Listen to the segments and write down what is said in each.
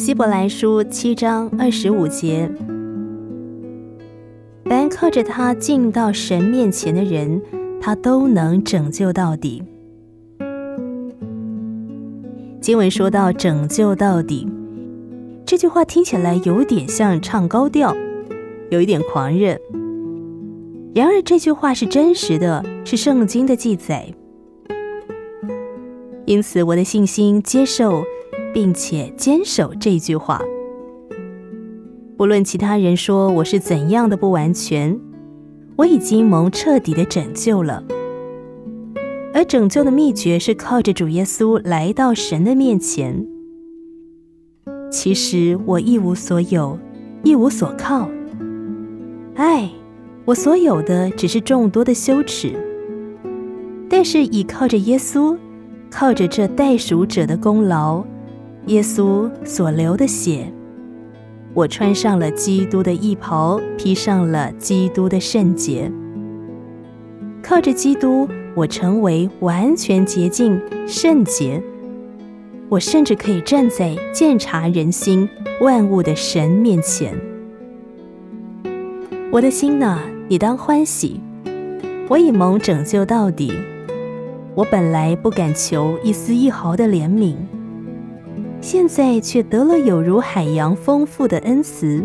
希伯來書七章二十五節，凡靠着他進到神面前的人，他都能拯救到底。經文說到“拯救到底”這句話，聽起來有點像唱高調，有一點狂熱。然而，這句話是真實的，是聖經的記載。因此，我的信心接受。並且堅守這句話，不論其他人說我是怎樣的不完全，我已經蒙徹底的拯救了。而拯救的秘訣是靠着主耶穌來到神的面前。其實我一無所有，一無所靠。唉，我所有的只是眾多的羞恥。但是依靠着耶穌，靠着這代贖者的功勞。耶穌所流的血，我穿上了基督的衣袍，披上了基督的聖潔。靠着基督，我成為完全潔淨、聖潔。我甚至可以站在鑒察人心萬物的神面前。我的心呢，你當歡喜。我已蒙拯救到底。我本來不敢求一絲一毫的憐憫。現在卻得了有如海洋豐富的恩慈，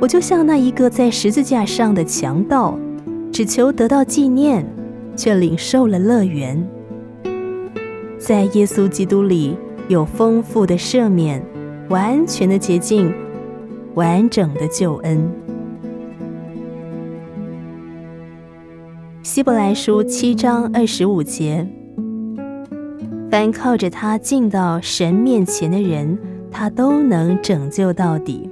我就像那一個在十字架上的強盜，只求得到紀念，卻領受了樂園。在耶穌基督裡有豐富的赦免、完全的潔淨、完整的救恩。希伯來書七章二十五節。凡靠着他進到神面前的人，他都能拯救到底。